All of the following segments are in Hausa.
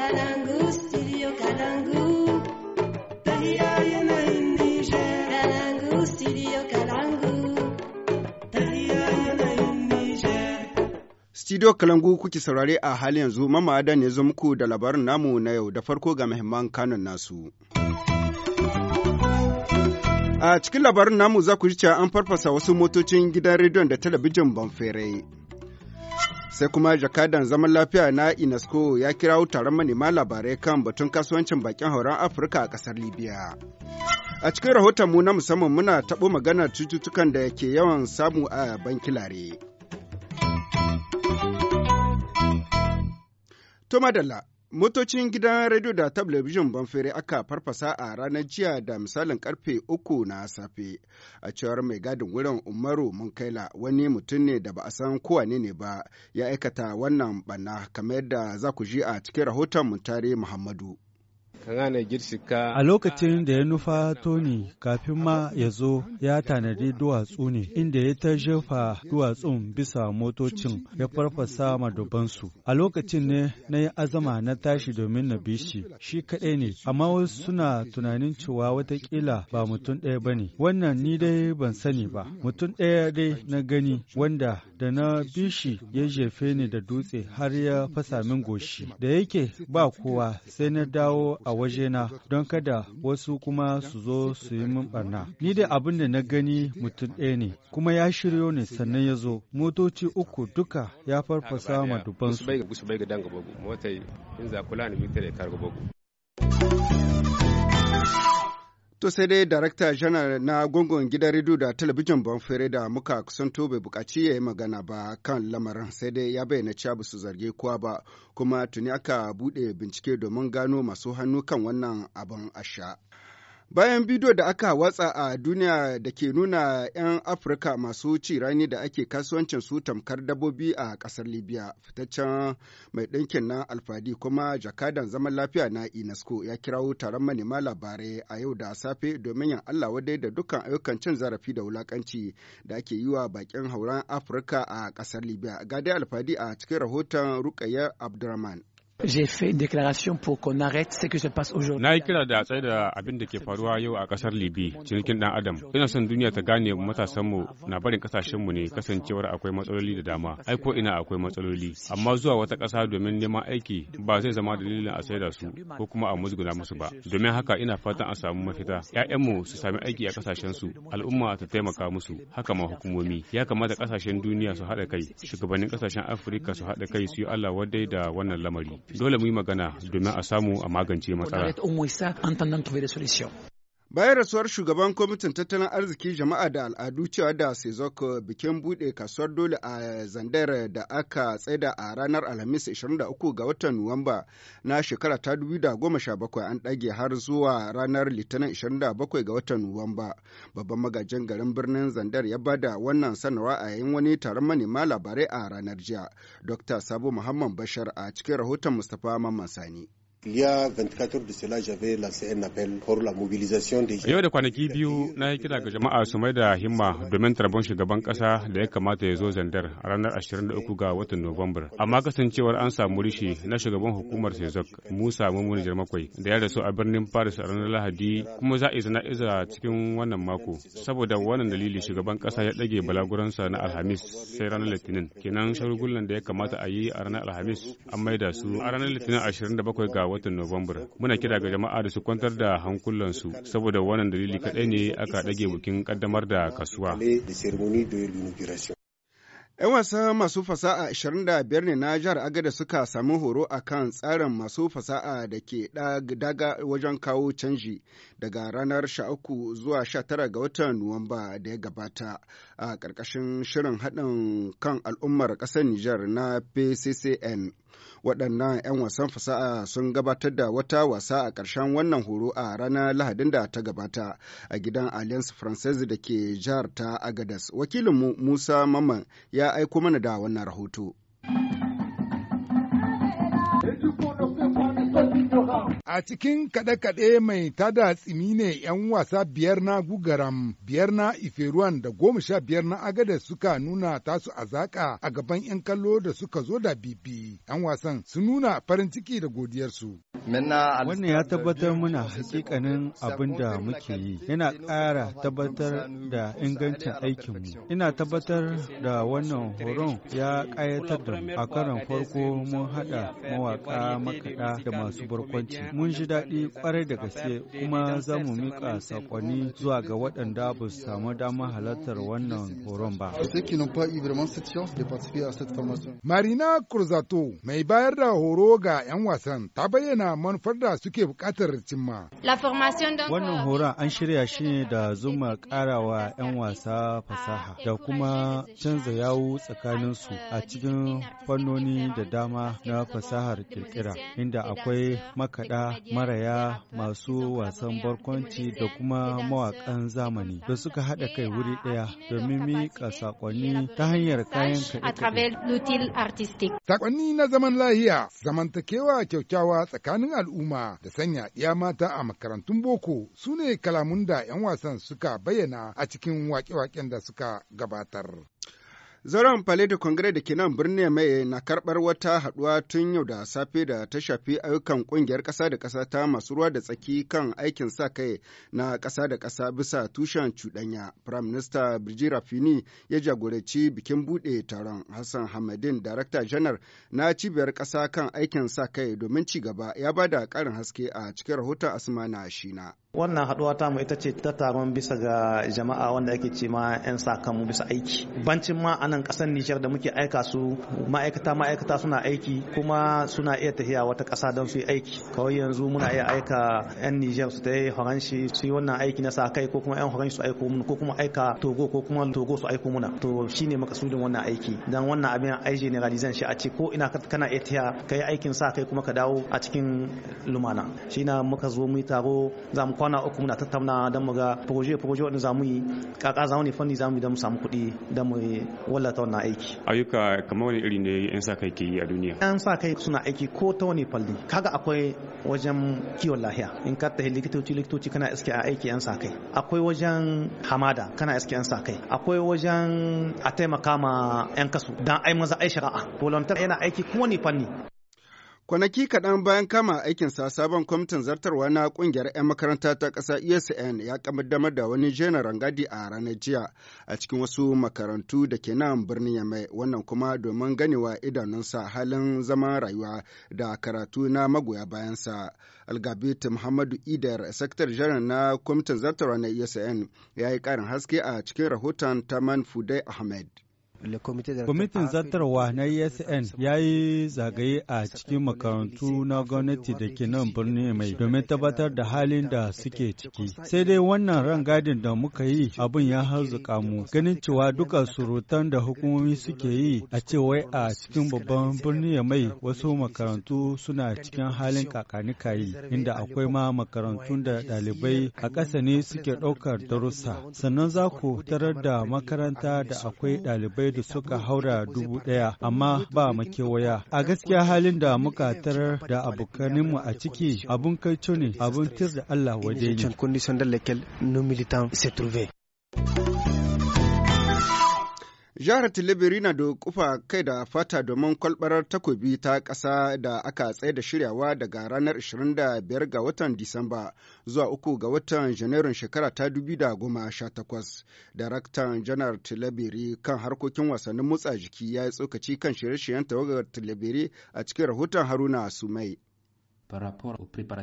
Kalangu, studio Kalangu. kuke saurare a halin yanzu mamadan ne zo muku da labarin namu na yau da farko ga muhimman kanun nasu. A cikin labarin namu za ku ji cewa an farfasa wasu motocin gidan rediyon da talabijin Banfere. sai kuma jakadan zaman lafiya na inasco ya kirawo taron manema labarai kan batun kasuwancin bakin hauren afirka a kasar libya a cikin rahotonmu na musamman muna taɓo magana cututtukan da ke yawan samu a bankilare. To Motocin gidan rediyo da talabijin Banfere aka farfasa a ranar jiya da misalin karfe uku na safe. A cewar mai gadin wurin Umaru Munkaila wani mutum ne da ba a san kowane ne ba ya aikata wannan bana kamar yadda za ku ji a cikin rahoton Mutare Muhammadu. A lokacin da ya nufa Tony kafin ma ya zo ya tanadi duwatsu ne inda ya ta jefa duwatsun bisa motocin ya farfasa madubansu. A lokacin ne na yi azama na tashi domin na bi shi, shi kaɗai ne, amma wasu suna tunanin cewa watakila ba mutum ɗaya ba ne. Wannan ni dai ban sani ba, mutum ɗaya dai na gani wanda da na bi shi ya jefe ni da dutse har ya fasa min goshi. Da yake ba kowa sai na dawo a a wajena don kada wasu kuma su zo su yi min barna. Ni dai abin da na gani mutum ɗaya ne, kuma ya shiryo ne sannan ya zo. Motoci uku duka ya farfasa ma su. To sai dai darakta janar na gungun gidan rediyo da talabijin fere da muka kusanto bai bukaci ya yi magana ba kan lamarin sai dai ya bayyana cewa ba su zarge kowa ba kuma tuni aka buɗe bincike domin gano masu hannu kan wannan abin asha. Bayan bidiyo da aka watsa a duniya da ke nuna 'yan Afirka masu ci rani da ake kasuwancin su tamkar dabbobi a kasar Libya, fitaccen mai ɗinkin na alfadi kuma jakadan zaman lafiya na UNESCO ya kirawo taron manema labarai a yau da safe domin yin Allah wadai da dukkan ayyukan cin zarafi da wulakanci da ake yi wa bakin hauran Afirka a ƙasar Libya. Gade alfadi a cikin rahoton Rukayya Abdurrahman. fait déclaration pour arrête ce passe se Na yi kira da tsaye da abin da ke faruwa yau a kasar Libi, cinikin dan Adam. Ina son duniya ta gane matasanmu na barin mu ne kasancewar akwai matsaloli da dama. Ai ko ina akwai matsaloli. Amma zuwa wata kasa domin neman aiki ba zai zama dalilin a da su ko kuma a musguna musu ba. Domin haka ina fatan a samu mafita. mu su sami aiki a kasashen su al'umma ta taimaka musu, haka ma hukumomi. Ya kamata kasashen duniya su haɗa kai, shugabannin kasashen Afirka su haɗa kai su yi Allah wadai da wannan lamari. dole mu yi magana domin a samu a magance matsalar. Bayan rasuwar shugaban kwamitin tattalin arziki jama'a da al'adu cewa da Sezok bikin buɗe kasuwar dole a Zandar da aka tsaida a ranar Alhamis 23 ga watan Nuwamba na shekara ta 2017 an ɗage har zuwa ranar Litinin 27 ga watan Nuwamba. Babban magajin garin birnin Zandar ya bada wannan sanarwa a yayin wani taron manema labarai a ranar jiya. Dr. Sabo Muhammad Bashar a cikin rahoton Mustapha Mamman Sani. Il y a de cela, j'avais lancé la mobilisation Yau da kwanaki biyu na yi kira ga jama'a su mai da himma domin tarbon shugaban kasa da ya kamata ya zo zandar a ranar 23 ga watan Nuwambar. Amma kasancewar an samu rishi na shugaban hukumar Sezok Musa Mumuni Jarmakwai da ya rasu a birnin Paris a ranar Lahadi kuma za a iza cikin wannan mako. Saboda wannan dalili shugaban kasa ya ɗage balaguransa na Alhamis sai ranar Litinin. Kenan shagulgulan da ya kamata a yi a ranar Alhamis an mai da su a ranar Litinin 27 ga watan Nuwambar. Muna kira ga jama'a da su kwantar da hankulansu saboda wannan dalili kaɗai ne aka dage bukin ƙaddamar da kasuwa. 'Yan wasa masu fasaha 25 ne na jihar Agada suka samu horo akan tsarin masu fasaha da ke daga wajen kawo canji daga ranar 13 zuwa 19 ga watan Nuwamba da ya gabata a ƙarƙashin shirin haɗin kan al'ummar ƙasar Nijar na PCCN. waɗannan 'yan wasan fasaha sun gabatar da wata wasa a ƙarshen wannan horo a ranar lahadin da ta gabata a gidan alliance française da ke jihar ta agadas wakilin musa mamman ya aiko mana da wannan rahoto A cikin kaɗe-kaɗe mai tada tsimi ne 'yan wasa biyar na Gugaram, biyar na Iferuwan da goma sha biyar na Agada suka nuna tasu a zaƙa a gaban 'yan kallo da suka zo da bibi. 'Yan wasan su nuna farin ciki da godiyarsu. Wannan ya tabbatar muna hakikanin abin da muke yi, yana ƙara tabbatar da ingancin aikinmu. Ina tabbatar da wannan horon ya ƙayatar da mu. A karon farko mun haɗa mawaƙa makaɗa da masu barkwanci. kwanci. Mun ji daɗi kwarai da gaske kuma za mu miƙa saƙonni zuwa ga waɗanda ba su samu damar halartar wannan horon ba. Marina Kurzato mai bayar da horo ga 'yan wasan ta bayyana manufar da suke buƙatar cimma. Wannan horon an shirya shi ne da zuma ƙarawa 'yan wasa fasaha da kuma canza yawu tsakaninsu a eh, cikin fannoni da dama na fasahar kirkira inda akwai kaɗa maraya masu wasan barkwanci da kuma mawaƙan zamani da suka haɗa kai wuri ɗaya domin miƙa saƙonni ta hanyar kayan kaɗe-kaɗe. Saƙonni na zaman lahiya, zamantakewa kyaukyawa tsakanin al'umma da sanya iya mata a makarantun boko su ne kalamun da 'yan wasan suka bayyana a cikin wake-waken da suka gabatar. Zauren Paleto Congress da ke nan birni mai na karbar wata haɗuwa tun yau da safe da ta shafi ayyukan ƙungiyar ƙasa da kasa ta masu ruwa da tsaki kan aikin sa kai na ƙasa da ƙasa bisa tushen cuɗanya. Prime Minister Birji Rafini ya jagoranci bikin buɗe taron Hassan Hamadin Director Janar na cibiyar ƙasa kan aikin sa kai domin ci gaba ya ba da ƙarin haske a cikin rahoton Asmana Shina. wannan haduwa ta mu ita ce ta taron bisa ga jama'a wanda ake ce ma 'yan sakamu bisa aiki bancin ma a nan kasar nijar da muke aika su ma'aikata ma'aikata suna aiki kuma suna iya tafiya wata kasa don su yi aiki kawai yanzu muna iya aika 'yan nijar su ta yi faranshi su yi wannan aiki na sa kai ko kuma 'yan faranshi su aiko mun ko kuma aika togo ko kuma togo su aiko muna to shine makasudin wannan aiki dan wannan abin ai generalizan shi a ce ko ina kana iya tafiya kai aikin sa kai kuma ka dawo a cikin lumana shi na muka zo mu yi taro za mu kwana uku muna tattauna don mu ga proje proje wanda zamu yi kaka zamu ne fanni zamu yi don mu samu kuɗi don mu wallata wannan aiki ayyuka kamar wani iri ne yan sa kai ke yi a duniya yan sa kai suna aiki ko ta wani falli kaga akwai wajen kiwon lahiya in ka ta likitoci likitoci kana iske a aiki yan sa kai akwai wajen hamada kana iske yan sa kai akwai wajen a taimaka ma yan kasu dan ai maza ai shari'a volunteer yana aiki ko wani fanni Kwanaki kaɗan bayan kama aikinsa sabon kwamitin zartarwa na ƙungiyar 'yan makaranta ta ƙasa ESN ya kaddamar da wani jenar rangadi a ranar jiya a cikin wasu makarantu da ke nan birnin Yamai wannan kuma domin ganewa idanunsa halin zama rayuwa da karatu na magoya bayansa. Algabit Muhammadu Idar, Sektar Janar na kwamitin zartarwa na ESN ya yi ƙarin haske a cikin rahoton Taman Fudai Ahmed. Kwamitin zartarwa na ESN ya yi zagaye a cikin makarantu na gwamnati da ke nan birni mai domin tabbatar da halin da suke ciki. Sai dai wannan rangadin da muka yi abin ya harzuka mu ganin cewa duka surutan da hukumomi suke yi a cewai a cikin babban birni mai wasu makarantu suna cikin halin kakanikayi inda akwai ma makarantu da ɗalibai a ƙasa ne suke ɗaukar darussa sannan za ku tarar da makaranta da akwai ɗalibai da suka haura dubu ɗaya amma ba makewaya a gaskiya halin da muka tarar da abokaninmu a ciki abun kai ne abun tir da Allah waje ne Jihar Tilibiri na da kufa kai da fata domin kwalbarar takobi ta ƙasa da aka tsaye da shiryawa daga ranar 25 ga watan Disamba zuwa 3 ga watan Janairun shekara ta 2018. Daraktan Janar Tilibiri kan harkokin wasannin motsa jiki ya yi tsokaci kan shirye-shiryen tawagar Tilibiri a cikin rahoton Haruna Sumai.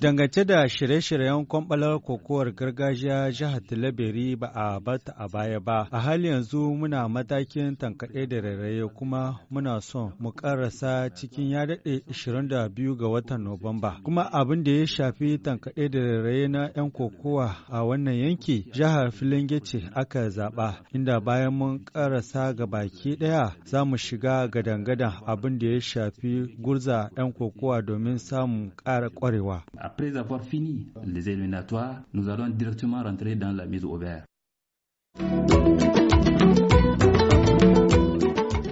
Dangance da shirye-shiryen kwamɓalar kokowar gargajiya jihar Tilaberi ba a bata a baya ba, a hali yanzu muna matakin tankaɗe da rairaye kuma muna son mu ƙarasa cikin ya daɗe 22 ga watan Nuwamba. Kuma abin da ya shafi tankaɗe da rairaye na 'yan kokowa a wannan yanki, jihar Filinge ce aka zaɓa, inda bayan mun ƙarasa ga baki ɗaya za mu shiga gadan-gadan abin da ya shafi gurza 'yan kokowa domin samun ƙara ƙwarewa. Après avoir fini les éliminatoires, nous allons directement rentrer dans la mise au vert.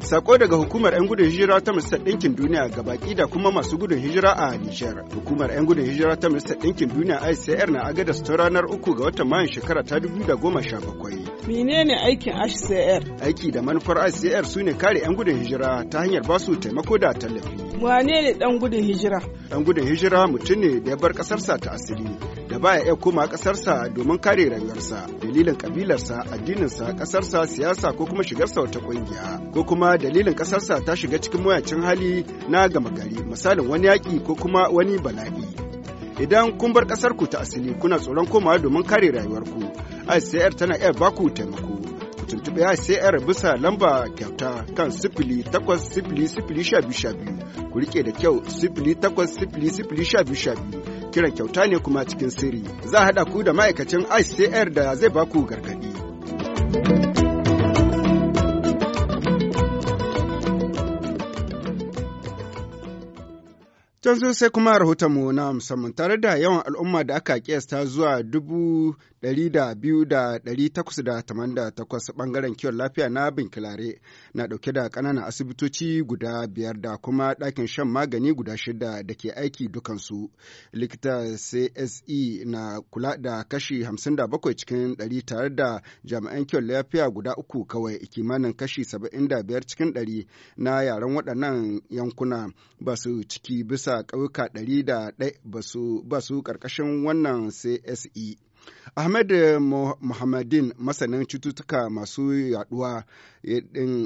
Sako daga hukumar 'yan gudun hijira ta Majalisar Ɗinkin Duniya ga baki da kuma masu gudun hijira a Nijar. Hukumar 'yan gudun hijira ta Majalisar Ɗinkin Duniya ICR na su ta ranar uku ga watan Mayun shekara ta da goma sha bakwai. Menene aikin ICR? Aiki da manufar ICR su ne kare 'yan gudun hijira ta hanyar basu taimako da tallafi. Wane ne ɗan gudun hijira? Ɗan gudun hijira mutum ne da ya bar ƙasarsa ta asiri da baya iya koma kasarsa domin kare rayuwarsa dalilin kabilarsa addininsa ƙasarsa siyasa ko kuma shigarsa wata ƙungiya ko kuma dalilin kasarsa ta shiga cikin mayacin hali na gama gari misalin wani yaƙi ko kuma wani bala'i. Idan kun bar ƙasarku ta asali kuna tsoron komawa domin kare rayuwarku, ICR tana iya baku taimako. tuntuɓe ICR bisa lamba kyauta kan sifili takwas sifili sifili sha biyu sha biyu ku rike da kyau sifili takwas sifili sifili sha biyu sha biyu kiran kyauta ne kuma cikin sirri za a haɗa ku da ma'aikacin ICR da zai ba ku gargaɗi. canzo sai kuma rahoton mu na musamman tare da yawan al'umma da aka kiyasta zuwa dubu 2,888 bangaren kiwon lafiya na Binkilare na dauke da kananan asibitoci guda biyar da kuma ɗakin shan magani guda shida da ke aiki dukansu. Likita CSE na kula da kashi 57 cikin 100 tare da jami'an kiwon lafiya guda uku kawai kimanin kashi 75 cikin 100 na yaren waɗannan yankuna ba su ciki bisa ƙauyuka 100 da ba su ƙarƙashin wannan CSE. Ahmed eh, Muhammadin masanin cututtuka masu yaduwa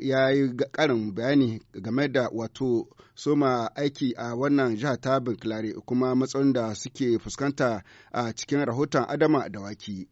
ya yi karin bayani game da wato soma aiki a wannan jiha ta Binklare kuma matsayin da suke fuskanta a cikin rahoton Adama da Waki.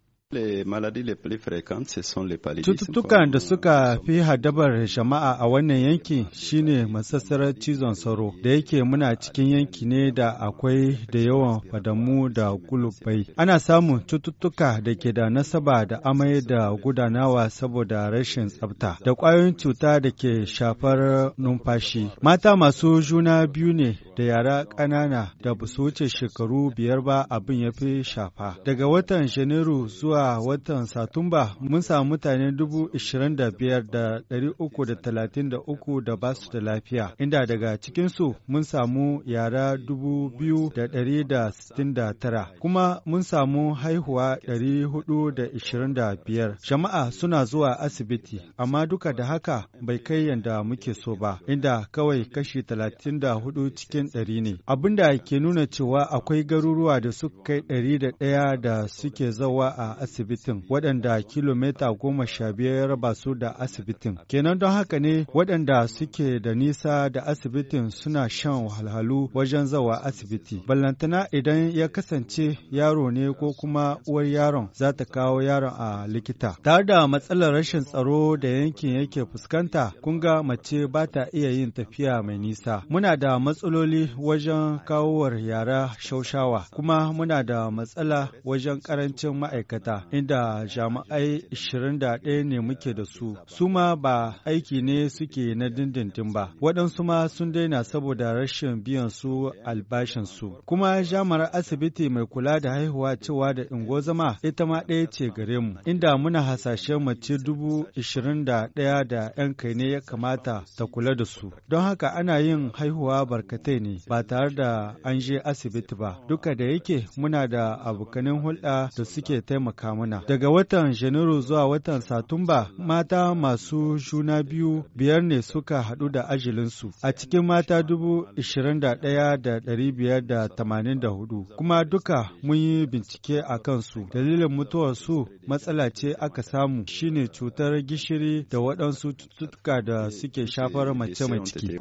Cututtukan da suka fi hadabar jama'a a wannan yanki shine masassarar cizon sauro da yake muna cikin yanki ne da akwai da yawan fadamu da gulubai. Ana samun cututtuka da ke da nasaba da amai da gudanawa saboda rashin tsafta da ƙwayoyin cuta da ke shafar numfashi. Mata masu juna biyu ne da yara ƙanana da ba wuce shekaru biyar ba abin ya fi shafa. Daga watan Janairu zuwa zuwa watan Satumba mun samu mutane dubu ishirin da biyar da ɗari uku da talatin da uku da ba su da lafiya, inda daga cikinsu mun samu yara dubu biyu da ɗari da sittin da tara, kuma mun samu haihuwa ɗari hudu da ishirin da biyar. Jama'a suna zuwa asibiti, amma duka da haka bai kai yadda muke so ba, inda kawai kashi talatin da hudu cikin ɗari ne. Abin da ke nuna cewa akwai garuruwa da suka kai ɗari da ɗaya da suke zawa a asibitin waɗanda kilomita goma sha biyar ba su da asibitin. Kenan don haka ne waɗanda suke da nisa da asibitin suna shan wahalhalu wajen zawa asibiti. Ballantana idan ya kasance yaro ne ko kuma uwar yaron za ta kawo yaron a likita. Tare da matsalar rashin tsaro da yankin yake fuskanta, kun ga mace ba ta iya yin tafiya mai nisa. Muna da matsaloli wajen kawowar yara shaushawa, kuma muna da matsala wajen ƙarancin ma'aikata. inda jami'ai 21 ne muke da su. Su ma ba aiki ne suke na dindindin ba. Waɗansu ma sun daina saboda rashin biyan su albashinsu. Kuma jami'ar asibiti mai kula da haihuwa cewa da ingozama ita ma ɗaya ce gare mu. Inda muna hasashen mace dubu ishirin da ɗaya da 'yan kai ne ya kamata ta kula da su. Don haka ana yin haihuwa barkatai ne ba tare da an je asibiti ba. Duka da yake muna da abokanin hulɗa da suke taimaka taimaka mana. Daga watan Janairu zuwa watan Satumba, mata masu juna biyu biyar ne suka haɗu da ajilinsu a cikin mata dubu ishirin da ɗaya da ɗari biyar da tamanin da hudu. Kuma duka mun yi bincike a kansu. Dalilin mutuwarsu matsala ce aka samu shine cutar gishiri da waɗansu cututtuka da suke shafar mace mai ciki.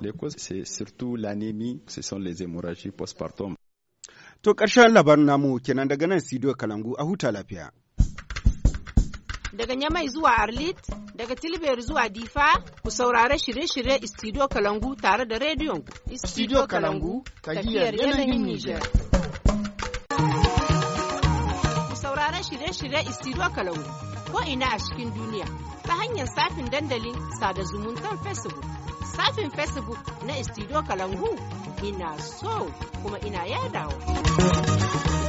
To ƙarshen labar namu kenan daga nan Sidiyo Kalangu a huta lafiya. daga Nyamai zuwa Arlit, daga Tilber zuwa Difa, ku saurare shirye-shirye Studio Kalangu tare da rediyon Studio Kalangu, tafiyar yanayin Nijar. Ku saurare shirye-shirye Studio Kalangu ko ina a cikin duniya ta hanyar safin dandalin sada zumuntar Facebook. Safin Facebook na Studio Kalangu ina so kuma ina yadawa.